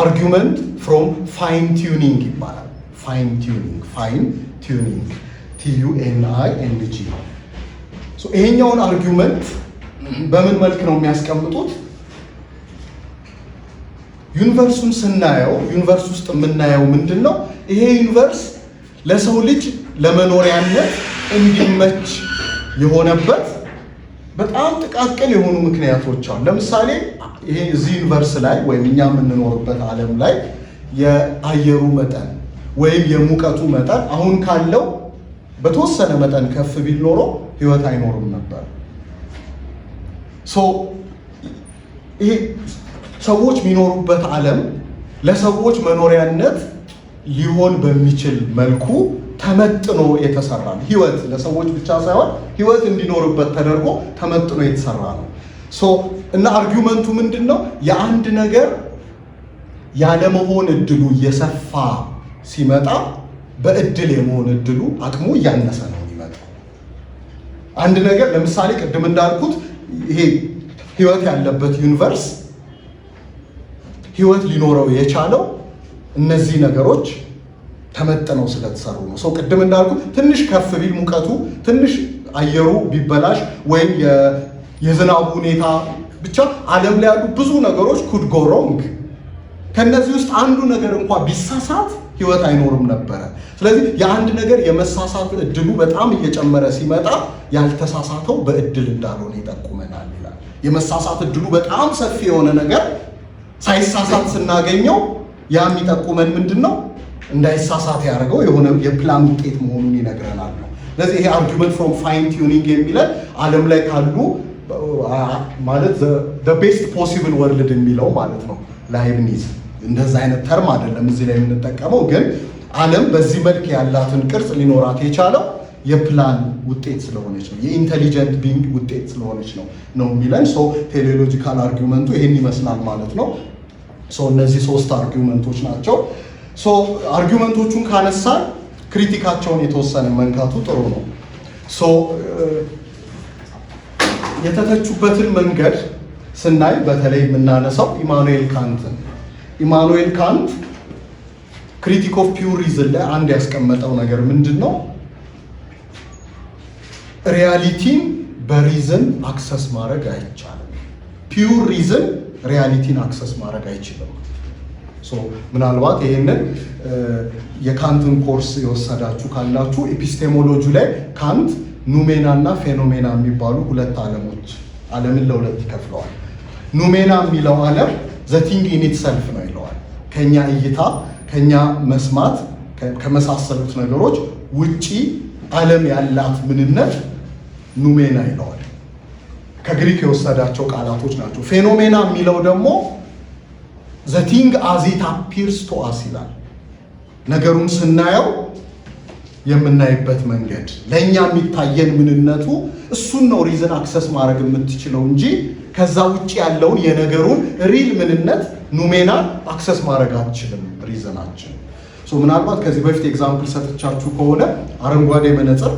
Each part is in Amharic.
አርጊመንት ፍሮም ፋይን ቲዩኒንግ ይባላል። ፋይን ቲዩኒንግ ፋይን ቲዩኒንግ ቲዩ ኤን አይ ኤን ጂ። ይሄኛውን አርጊመንት mm-hmm. በምን መልክ ነው የሚያስቀምጡት? ዩኒቨርሱን ስናየው ዩኒቨርስ ውስጥ የምናየው ምንድን ነው? ይሄ ዩኒቨርስ ለሰው ልጅ ለመኖሪያነት እንዲመች የሆነበት በጣም ጥቃቅን የሆኑ ምክንያቶች አሉ። ለምሳሌ ይሄ እዚህ ዩኒቨርስ ላይ ወይም እኛ የምንኖርበት ዓለም ላይ የአየሩ መጠን ወይም የሙቀቱ መጠን አሁን ካለው በተወሰነ መጠን ከፍ ቢል ኖሮ ህይወት አይኖርም ነበር። ይሄ ሰዎች የሚኖሩበት ዓለም ለሰዎች መኖሪያነት ሊሆን በሚችል መልኩ ተመጥኖ የተሰራ ነው። ህይወት ለሰዎች ብቻ ሳይሆን ህይወት እንዲኖርበት ተደርጎ ተመጥኖ የተሰራ ነው። ሶ እና አርጊመንቱ ምንድን ነው? የአንድ ነገር ያለመሆን እድሉ እየሰፋ ሲመጣ በእድል የመሆን እድሉ አቅሙ እያነሰ ነው የሚመጣው። አንድ ነገር ለምሳሌ ቅድም እንዳልኩት ይሄ ህይወት ያለበት ዩኒቨርስ ህይወት ሊኖረው የቻለው እነዚህ ነገሮች ተመጥነው ስለተሰሩ ነው። ሰው ቅድም እንዳልኩ ትንሽ ከፍ ቢል ሙቀቱ ትንሽ አየሩ ቢበላሽ ወይም የዝናቡ ሁኔታ ብቻ ዓለም ላይ ያሉ ብዙ ነገሮች ኩድ ጎ ሮንግ ከእነዚህ ውስጥ አንዱ ነገር እንኳ ቢሳሳት ህይወት አይኖርም ነበረ። ስለዚህ የአንድ ነገር የመሳሳት እድሉ በጣም እየጨመረ ሲመጣ ያልተሳሳተው በእድል እንዳልሆነ ይጠቁመናል ይላል። የመሳሳት እድሉ በጣም ሰፊ የሆነ ነገር ሳይሳሳት ስናገኘው ያ የሚጠቁመን ምንድን ነው? እንዳይሳሳት ያደረገው የሆነ የፕላን ውጤት መሆኑን ይነግረናል ነው። ስለዚህ ይሄ አርጊመንት ፍሮም ፋይን ቲዩኒንግ የሚለን ዓለም ላይ ካሉ ማለት ቤስት ፖሲብል ወርልድ የሚለው ማለት ነው ላይብኒዝ። እንደዛ አይነት ተርም አይደለም እዚህ ላይ የምንጠቀመው፣ ግን ዓለም በዚህ መልክ ያላትን ቅርጽ ሊኖራት የቻለው የፕላን ውጤት ስለሆነች ነው፣ የኢንቴሊጀንት ቢንግ ውጤት ስለሆነች ነው ነው የሚለን ሶ ቴሌሎጂካል አርጊመንቱ ይሄን ይመስላል ማለት ነው። ሰው እነዚህ ሶስት አርጊመንቶች ናቸው። ሶ አርጊመንቶቹን ካነሳ ክሪቲካቸውን የተወሰነ መንካቱ ጥሩ ነው። ሶ የተተቹበትን መንገድ ስናይ በተለይ የምናነሳው ኢማኑኤል ካንትን ኢማኑኤል ካንት ክሪቲክ ኦፍ ፒውር ሪዝን ላይ አንድ ያስቀመጠው ነገር ምንድን ነው? ሪያሊቲን በሪዝን አክሰስ ማድረግ አይቻልም። ፒውር ሪዝን ሪያሊቲን አክሰስ ማድረግ አይችልም። ምናልባት ይህንን የካንትን ኮርስ የወሰዳችሁ ካላችሁ ኤፒስቴሞሎጂ ላይ ካንት ኑሜና እና ፌኖሜና የሚባሉ ሁለት ዓለሞች ዓለምን ለሁለት ይከፍለዋል። ኑሜና የሚለው ዓለም ዘቲንግ ኢኒት ሰልፍ ነው ይለዋል። ከኛ እይታ፣ ከኛ መስማት ከመሳሰሉት ነገሮች ውጪ ዓለም ያላት ምንነት ኑሜና ይለዋል። ከግሪክ የወሰዳቸው ቃላቶች ናቸው። ፌኖሜና የሚለው ደግሞ ቲንግ አዜት አፒርስ ቱ አስ ይላል። ነገሩን ስናየው የምናይበት መንገድ ለእኛ የሚታየን ምንነቱ እሱን ነው ሪዝን አክሰስ ማድረግ የምትችለው እንጂ ከዛ ውጭ ያለውን የነገሩን ሪል ምንነት ኑሜና አክሰስ ማድረግ አትችልም። ሪዝናችን ምናልባት ከዚህ በፊት ኤግዛምፕል ሰጥቻችሁ ከሆነ አረንጓዴ መነጽር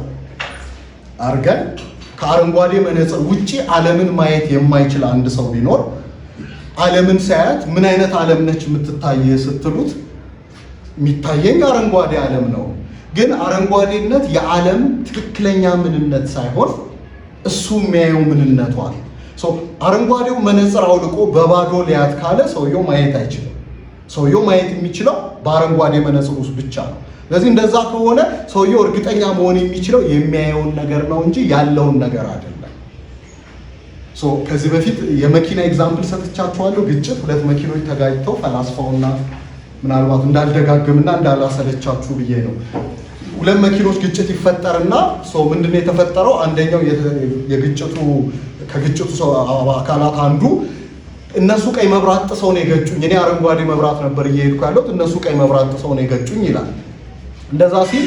አርገን ከአረንጓዴ መነጽር ውጭ ዓለምን ማየት የማይችል አንድ ሰው ቢኖር ዓለምን ሳያት ምን አይነት ዓለም ነች የምትታየ ስትሉት የሚታየኝ አረንጓዴ ዓለም ነው። ግን አረንጓዴነት የዓለም ትክክለኛ ምንነት ሳይሆን እሱ የሚያየው ምንነቷል። አረንጓዴው መነጽር አውልቆ በባዶ ሊያት ካለ ሰውየው ማየት አይችልም። ሰውየው ማየት የሚችለው በአረንጓዴ መነጽር ውስጥ ብቻ ነው። ስለዚህ እንደዛ ከሆነ ሰውየው እርግጠኛ መሆን የሚችለው የሚያየውን ነገር ነው እንጂ ያለውን ነገር አይደለም። ከዚህ በፊት የመኪና ኤግዛምፕል ሰጥቻችኋለሁ። ግጭት ሁለት መኪኖች ተጋጭተው ፈላስፋውና ምናልባት እንዳልደጋግምና እንዳላሰለቻችሁ ብዬ ነው። ሁለት መኪኖች ግጭት ይፈጠርና ሰው ምንድነው የተፈጠረው? አንደኛው የግጭቱ ከግጭቱ አካላት አንዱ እነሱ ቀይ መብራት ጥሰው ነው የገጩኝ፣ እኔ አረንጓዴ መብራት ነበር እየሄድኩ ያለሁት፣ እነሱ ቀይ መብራት ጥሰው ነው የገጩኝ ይላል። እንደዛ ሲል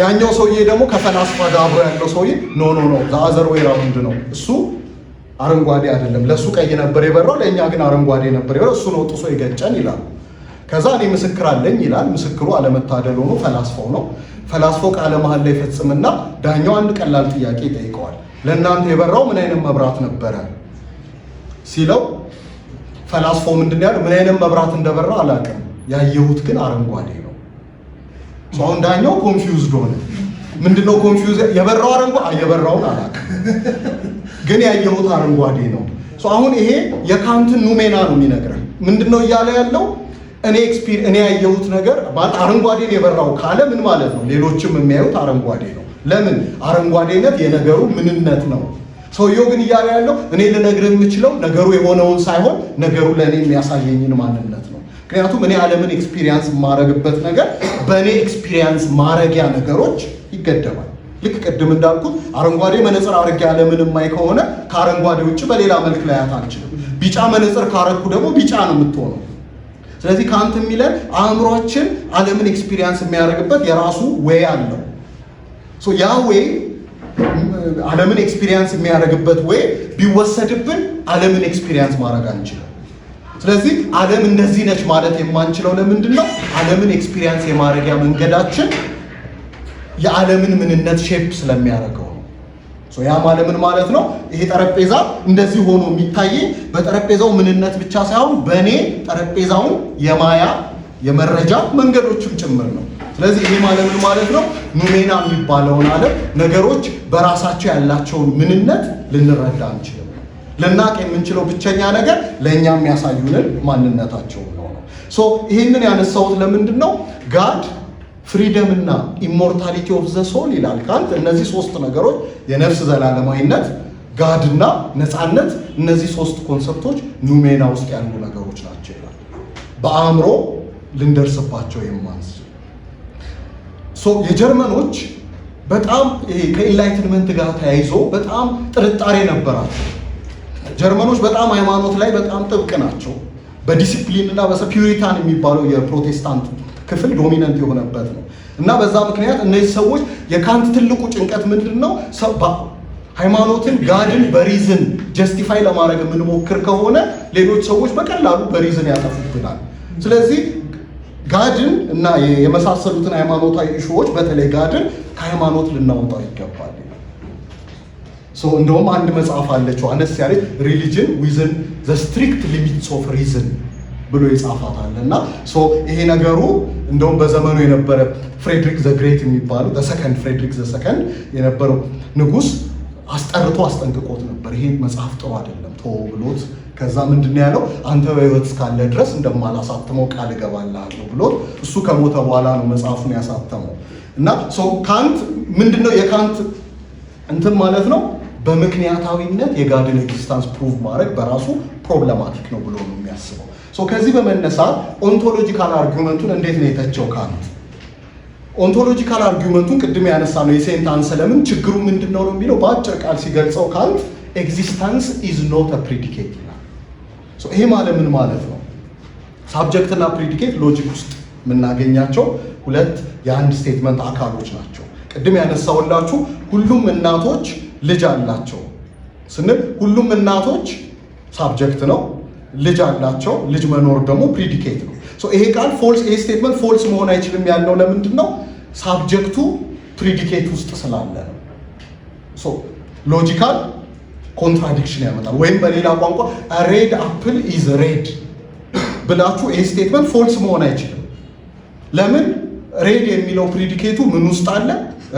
ያኛው ሰውዬ ደግሞ ከፈላስፋ ጋር አብሮ ያለው ሰውዬ ኖ ኖ ኖ ዘ አዘር ራውንድ ነው እሱ አረንጓዴ አይደለም። ለሱ ቀይ ነበር የበራው፣ ለእኛ ግን አረንጓዴ ነበር የበራው። እሱ ነው ጥሶ የገጨን ይላል። ከዛ እኔ ምስክር አለኝ ይላል። ምስክሩ አለመታደል ሆኖ ፈላስፋው ነው። ፈላስፋው ቃለ መሐላ ላይ ይፈጽምና ዳኛው አንድ ቀላል ጥያቄ ይጠይቀዋል። ለእናንተ የበራው ምን አይነት መብራት ነበረ ሲለው ፈላስፎ ምንድን ያለው ምን አይነት መብራት እንደበራ አላውቅም፣ ያየሁት ግን አረንጓዴ ነው። አሁን ዳኛው ኮንፊውዝድ ሆነ። ምንድነው ኮንፊውዝ የበራው አረንጓዴ የበራውን አላውቅም ግን ያየሁት አረንጓዴ ነው። አሁን ይሄ የካንትን ኑሜና ነው የሚነግረ ምንድን ነው እያለ ያለው? እኔ ኤክስፒሪ እኔ ያየሁት ነገር አረንጓዴን የበራው ካለ ምን ማለት ነው? ሌሎችም የሚያዩት አረንጓዴ ነው። ለምን? አረንጓዴነት የነገሩ ምንነት ነው። ሰውየው ግን እያለ ያለው እኔ ልነግር የምችለው ነገሩ የሆነውን ሳይሆን ነገሩ ለእኔ የሚያሳየኝን ማንነት ነው። ምክንያቱም እኔ ዓለምን ኤክስፒሪየንስ የማረግበት ነገር በእኔ ኤክስፒሪየንስ ማረጊያ ነገሮች ይገደባል። ልክ ቅድም እንዳልኩት አረንጓዴ መነጽር አድርጌ ያለምንም ማይ ከሆነ ከአረንጓዴ ውጭ በሌላ መልክ ላያት አልችልም። ቢጫ መነጽር ካረኩ ደግሞ ቢጫ ነው የምትሆነው። ስለዚህ ካንት የሚለን አእምሯችን ዓለምን ኤክስፒሪየንስ የሚያደርግበት የራሱ ወይ አለው። ያ ወይ ዓለምን ኤክስፒሪየንስ የሚያደርግበት ወይ ቢወሰድብን ዓለምን ኤክስፒሪየንስ ማድረግ አንችልም። ስለዚህ ዓለም እንደዚህ ነች ማለት የማንችለው ለምንድን ነው? ዓለምን ኤክስፒሪየንስ የማድረጊያ መንገዳችን የዓለምን ምንነት ሼፕ ስለሚያደርገው ነው። ያ ማለምን ማለት ነው። ይሄ ጠረጴዛ እንደዚህ ሆኖ የሚታይ በጠረጴዛው ምንነት ብቻ ሳይሆን በእኔ ጠረጴዛውን የማያ የመረጃ መንገዶችም ጭምር ነው። ስለዚህ ይሄ ማለምን ማለት ነው። ኑሜና የሚባለውን ዓለም ነገሮች በራሳቸው ያላቸውን ምንነት ልንረዳ አንችልም። ልናቅ የምንችለው ብቸኛ ነገር ለእኛ የሚያሳዩንን ማንነታቸው ነው። ይህንን ያነሳሁት ለምንድን ነው ጋድ ፍሪደም እና ኢሞርታሊቲ ኦፍ ዘ ሶል ይላል ካንት። እነዚህ ሶስት ነገሮች የነፍስ ዘላለማዊነት፣ ጋድ እና ነፃነት፣ እነዚህ ሶስት ኮንሰፕቶች ኑሜና ውስጥ ያሉ ነገሮች ናቸው ይላል። በአእምሮ ልንደርስባቸው የማንስ የጀርመኖች በጣም ይሄ ከኢንላይትንመንት ጋር ተያይዞ በጣም ጥርጣሬ ነበራቸው። ጀርመኖች በጣም ሃይማኖት ላይ በጣም ጥብቅ ናቸው። በዲሲፕሊን እና በሰ የሚባለው የፕሮቴስታንት ክፍል ዶሚነንት የሆነበት ነው እና በዛ ምክንያት እነዚህ ሰዎች የካንት ትልቁ ጭንቀት ምንድን ነው? ሃይማኖትን ጋድን በሪዝን ጀስቲፋይ ለማድረግ የምንሞክር ከሆነ ሌሎች ሰዎች በቀላሉ በሪዝን ያጠፉብናል። ስለዚህ ጋድን እና የመሳሰሉትን ሃይማኖታዊ እሾዎች በተለይ ጋድን ከሃይማኖት ልናወጣው ይገባል። እንደውም አንድ መጽሐፍ አለችው አነስ ያለች ሪሊጅን ዊዝን ዘ ስትሪክት ሊሚትስ ኦፍ ሪዝን ብሎ ይጻፋታል እና ይሄ ነገሩ እንደውም በዘመኑ የነበረ ፍሬድሪክ ዘ ግሬት የሚባለው ፍሬድሪክ ዘሰከንድ የነበረው ንጉስ አስጠርቶ አስጠንቅቆት ነበር። ይሄ መጽሐፍ ጥሩ አይደለም ቶ ብሎት ከዛ ምንድን ያለው አንተ በህይወት እስካለ ድረስ እንደማላሳትመው ቃል እገባልሃለሁ ብሎት እሱ ከሞተ በኋላ ነው መጽሐፉን ያሳተመው እና ካንት ምንድነው የካንት እንትን ማለት ነው በምክንያታዊነት የጋድን ኤግዚስታንስ ፕሩቭ ማድረግ በራሱ ፕሮብለማቲክ ነው ብሎ ነው የሚያስበው። ከዚህ በመነሳት ኦንቶሎጂካል አርጊመንቱን እንዴት ነው የተቸው ካንት? ኦንቶሎጂካል አርጊመንቱን ቅድም ያነሳ ነው የሴንት አንሰለምን ችግሩ ምንድን ነው የሚለው በአጭር ቃል ሲገልጸው ካንት ኤግዚስተንስ ኢዝ ኖት ፕሪዲኬት ይላል። ይሄ ማለት ምን ማለት ነው? ሳብጀክትና ፕሪዲኬት ሎጂክ ውስጥ የምናገኛቸው ሁለት የአንድ ስቴትመንት አካሎች ናቸው። ቅድም ያነሳውላችሁ ሁሉም እናቶች ልጅ አላቸው ስንል ሁሉም እናቶች ሳብጀክት ነው ልጅ አላቸው። ልጅ መኖር ደግሞ ፕሪዲኬት ነው። ሶ ይሄ ቃል ፎልስ፣ ይሄ ስቴትመንት ፎልስ መሆን አይችልም ያለው ለምንድን ነው? ሳብጀክቱ ፕሪዲኬት ውስጥ ስላለ ነው። ሎጂካል ኮንትራዲክሽን ያመጣል። ወይም በሌላ ቋንቋ ሬድ አፕል ኢዝ ሬድ ብላችሁ ይሄ ስቴትመንት ፎልስ መሆን አይችልም። ለምን? ሬድ የሚለው ፕሪዲኬቱ ምን ውስጥ አለ?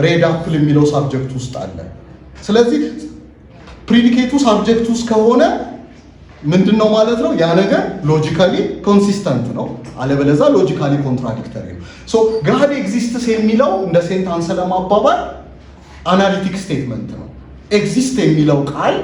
ሬድ አፕል የሚለው ሳብጀክት ውስጥ አለ። ስለዚህ ፕሪዲኬቱ ሳብጀክት ውስጥ ከሆነ ምንድን ነው ማለት ነው ያ ነገር ሎጂካሊ ኮንሲስተንት ነው፣ አለበለዛ ሎጂካሊ ኮንትራዲክተሪ ነው። ሶ ጋድ ኤግዚስትስ የሚለው እንደ ሴንታንስ ለማባባል አናሊቲክ ስቴትመንት ነው። ኤግዚስት የሚለው ቃል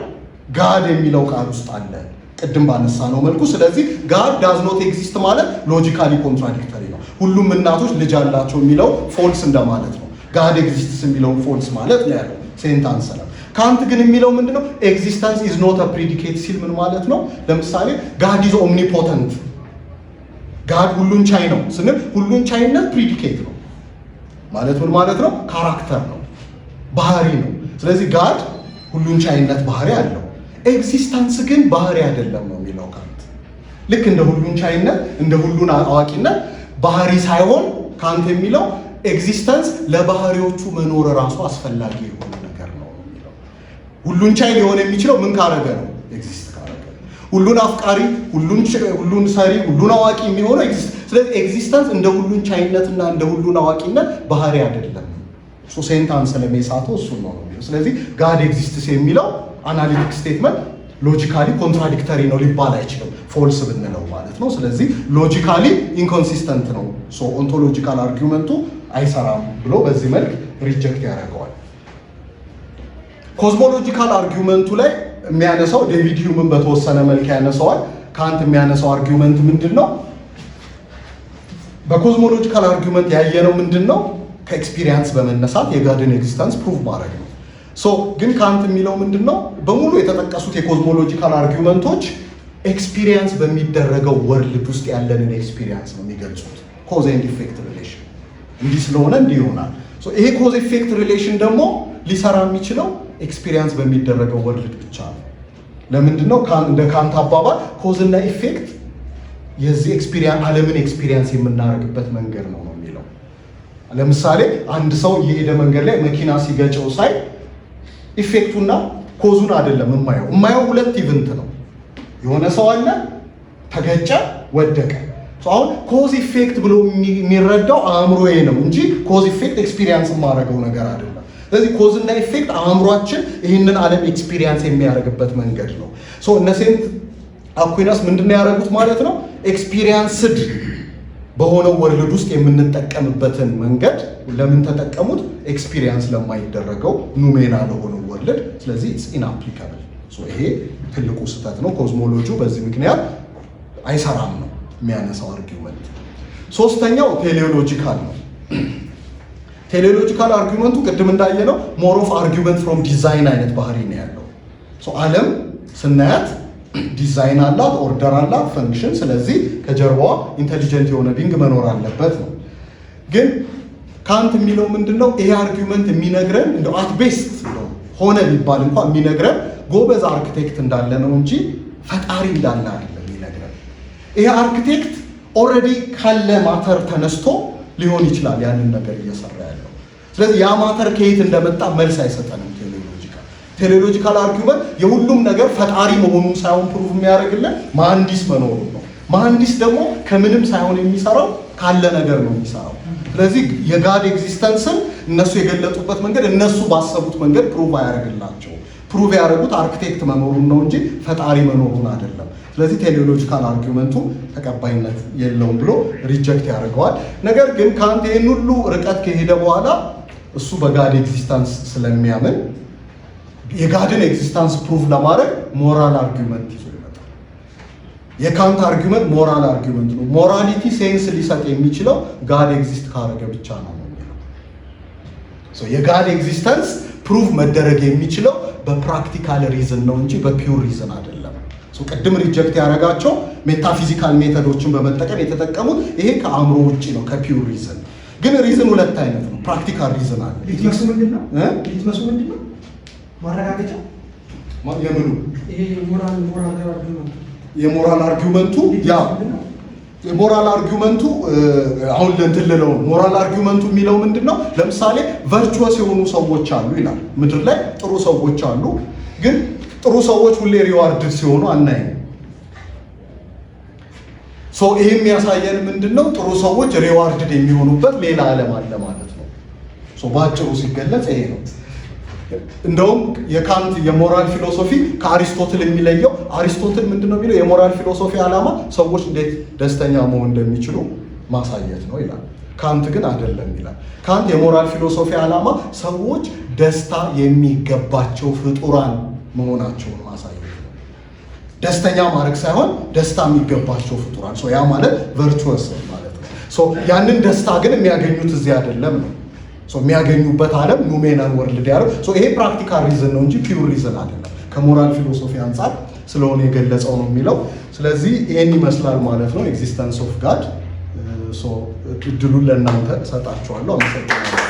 ጋድ የሚለው ቃል ውስጥ አለ ቅድም ባነሳ ነው መልኩ። ስለዚህ ጋድ ዳዝ ኖት ኤግዚስት ማለት ሎጂካሊ ኮንትራዲክተሪ ነው። ሁሉም እናቶች ልጅ አላቸው የሚለው ፎልስ እንደማለት ነው። ጋድ ኤግዚስትስ የሚለው ፎልስ ማለት ነው ያለው ሴንታንስ ካንት ግን የሚለው ምንድነው? ኤግዚስተንስ ኢዝ ኖት አ ፕሪዲኬት ሲል ምን ማለት ነው? ለምሳሌ ጋድ ኢዝ ኦምኒፖተንት ጋድ ሁሉን ቻይ ነው ስንል ሁሉን ቻይነት ፕሪዲኬት ነው ማለት ምን ማለት ነው? ካራክተር ነው፣ ባህሪ ነው። ስለዚህ ጋድ ሁሉን ቻይነት ባህሪ አለው። ኤግዚስተንስ ግን ባህሪ አይደለም ነው የሚለው ካንት። ልክ እንደ ሁሉን ቻይነት እንደ ሁሉን አዋቂነት ባህሪ ሳይሆን ካንት የሚለው ኤግዚስተንስ ለባህሪዎቹ መኖር ራሱ አስፈላጊ ይሆናል። ሁሉን ቻይ ሊሆን የሚችለው ምን ካረገ ነው? ኤግዚስት ካረገ። ሁሉን አፍቃሪ፣ ሁሉን ሁሉን ሰሪ፣ ሁሉን አዋቂ የሚሆነው ኤግዚስት። ስለዚህ ኤግዚስተንስ እንደ ሁሉን ቻይነትና እንደ ሁሉን አዋቂነት ባህሪ አይደለም። ሴንታን ስለሜሳቶ እሱ ነው የሚለው። ስለዚህ ጋድ ኤግዚስትስ የሚለው አናሊቲክ ስቴትመንት ሎጂካሊ ኮንትራዲክተሪ ነው ሊባል አይችልም፣ ፎልስ ብንለው ማለት ነው። ስለዚህ ሎጂካሊ ኢንኮንሲስተንት ነው። ሶ ኦንቶሎጂካል አርጊመንቱ አይሰራም ብሎ በዚህ መልክ ሪጀክት ያደርገዋል። ኮዝሞሎጂካል አርጊውመንቱ ላይ የሚያነሳው ዴቪድ ሂውምን በተወሰነ መልክ ያነሳዋል። ካንት የሚያነሳው አርጊመንት ምንድን ነው? በኮዝሞሎጂካል አርጊመንት ያየነው ምንድን ነው? ከኤክስፒሪየንስ በመነሳት የጋድን ኤግዚስተንስ ፕሩቭ ማድረግ ነው። ሶ ግን ካንት የሚለው ምንድን ነው? በሙሉ የተጠቀሱት የኮዝሞሎጂካል አርጊውመንቶች ኤክስፒሪየንስ በሚደረገው ወርልድ ውስጥ ያለንን ኤክስፒሪየንስ ነው የሚገልጹት። ኮዝ ኤንድ ኢፌክት ሪሌሽን እንዲህ ስለሆነ እንዲህ ይሆናል። ይሄ ኮዝ ኢፌክት ሪሌሽን ደግሞ ሊሰራ የሚችለው ኤክስፒሪየንስ በሚደረገው ወርልድ ብቻ ነው። ለምንድን ነው እንደ ካንት አባባል ኮዝና ኢፌክት የዚህ ኤክስፒሪየንስ ዓለምን ኤክስፒሪየንስ የምናደርግበት መንገድ ነው ነው የሚለው። ለምሳሌ አንድ ሰው እየሄደ መንገድ ላይ መኪና ሲገጨው ሳይ ኢፌክቱና ኮዙን አይደለም የማየው። የማየው ሁለት ኢቨንት ነው። የሆነ ሰው አለ፣ ተገጨ፣ ወደቀ። አሁን ኮዝ ኢፌክት ብሎ የሚረዳው አእምሮዬ ነው እንጂ ኮዝ ኢፌክት ኤክስፒሪየንስ የማደርገው ነገር አይደለም። ስለዚህ እና ኢፌክት አእምሯችን ይህንን ዓለም ኤክስፒሪየንስ የሚያደርግበት መንገድ ነው። እነ ሴንት አኩናስ ምንድን ነው ያደረጉት ማለት ነው? ኤክስፒሪየንስድ በሆነው ወርልድ ውስጥ የምንጠቀምበትን መንገድ ለምን ተጠቀሙት? ኤክስፒሪየንስ ለማይደረገው ኑሜና ለሆነው ወርልድ። ስለዚህ ኢንአፕሊካብል። ይሄ ትልቁ ስህተት ነው። ኮዝሞሎጂ በዚህ ምክንያት አይሰራም ነው የሚያነሳው አርጊመንት። ሶስተኛው ቴሌሎጂካል ነው። ቴሌሎጂካል አርጊመንቱ ቅድም እንዳየነው ሞር ኦፍ አርጊመንት ፍሮም ዲዛይን አይነት ባህሪ ነው ያለው። ዓለም ስናያት ዲዛይን አላት፣ ኦርደር አላት፣ ፈንክሽን። ስለዚህ ከጀርባዋ ኢንቴሊጀንት የሆነ ቢንግ መኖር አለበት ነው። ግን ካንት የሚለው ምንድን ነው? ይሄ አርጊመንት የሚነግረን እንደ አት ቤስት ነው ሆነ ቢባል እንኳ የሚነግረን ጎበዝ አርክቴክት እንዳለ ነው እንጂ ፈጣሪ እንዳለ አይደለም የሚነግረን። ይሄ አርክቴክት ኦልሬዲ ካለ ማተር ተነስቶ ሊሆን ይችላል ያንን ነገር እየሰራ ያለው። ስለዚህ ያ ማተር ከየት እንደመጣ መልስ አይሰጠንም። ቴዎሎጂካል ቴዎሎጂካል አርጊመንት የሁሉም ነገር ፈጣሪ መሆኑን ሳይሆን ፕሩፍ የሚያደርግልን መሐንዲስ መኖሩ ነው። መሐንዲስ ደግሞ ከምንም ሳይሆን የሚሰራው ካለ ነገር ነው የሚሰራው። ስለዚህ የጋድ ኤግዚስተንስን እነሱ የገለጡበት መንገድ እነሱ ባሰቡት መንገድ ፕሩፍ አያደርግላቸው ፕሩቭ ያደረጉት አርክቴክት መኖሩን ነው እንጂ ፈጣሪ መኖሩን አይደለም። ስለዚህ ቴሌሎጂካል አርጊመንቱ ተቀባይነት የለውም ብሎ ሪጀክት ያደርገዋል። ነገር ግን ካንት ይህን ሁሉ ርቀት ከሄደ በኋላ እሱ በጋድ ኤግዚስታንስ ስለሚያምን የጋድን ኤግዚስታንስ ፕሩቭ ለማድረግ ሞራል አርጊመንት ይዞ ይመጣል። የካንት አርጊመንት ሞራል አርጊመንት ነው። ሞራሊቲ ሴንስ ሊሰጥ የሚችለው ጋድ ኤግዚስት ካረገ ብቻ ነው። የጋድ ኤግዚስተንስ ፕሩቭ መደረግ የሚችለው በፕራክቲካል ሪዝን ነው እንጂ በፒውር ሪዝን አይደለም። ቅድም ሪጀክት ያደረጋቸው ሜታፊዚካል ሜተዶችን በመጠቀም የተጠቀሙት ይሄ ከአእምሮ ውጭ ነው ከፒውር ሪዝን። ግን ሪዝን ሁለት አይነት ነው። ፕራክቲካል ሪዝን አለ። ሊትመሱ ምንድን ነው? ሊትመሱ ምንድን ነው? ማረጋገጫ የምኑ የሞራል አርጊመንቱ ያ ሞራል አርጊመንቱ አሁን ለእንትን ሞራል አርጊመንቱ የሚለው ምንድን ነው? ለምሳሌ ቨርቹዋስ የሆኑ ሰዎች አሉ ይላል። ምድር ላይ ጥሩ ሰዎች አሉ፣ ግን ጥሩ ሰዎች ሁሌ ሪዋርድድ ሲሆኑ አናይም። ሶ ይሄ የሚያሳየን ምንድን ነው? ጥሩ ሰዎች ሪዋርድድ የሚሆኑበት ሌላ ዓለም አለ ማለት ነው። ሶ በአጭሩ ሲገለጽ ይሄ ነው። እንደውም የካንት የሞራል ፊሎሶፊ ከአሪስቶትል የሚለየው አሪስቶትል ምንድን ነው የሚለው የሞራል ፊሎሶፊ ዓላማ ሰዎች እንዴት ደስተኛ መሆን እንደሚችሉ ማሳየት ነው ይላል። ካንት ግን አይደለም ይላል። ካንት የሞራል ፊሎሶፊ ዓላማ ሰዎች ደስታ የሚገባቸው ፍጡራን መሆናቸውን ማሳየት ነው። ደስተኛ ማድረግ ሳይሆን ደስታ የሚገባቸው ፍጡራን ያ ማለት ቨርቹወስ ማለት ነው። ያንን ደስታ ግን የሚያገኙት እዚህ አይደለም ነው የሚያገኙበት ዓለም ኑሜናን ወርልድ ያለው ይሄ ፕራክቲካል ሪዝን ነው እንጂ ፒውር ሪዝን አይደለም። ከሞራል ፊሎሶፊ አንጻር ስለሆነ የገለጸው ነው የሚለው። ስለዚህ ይህን ይመስላል ማለት ነው ኤግዚስተንስ ኦፍ ጋድ። እድሉን ለእናንተ ሰጣችኋለሁ። አመሰግናለሁ።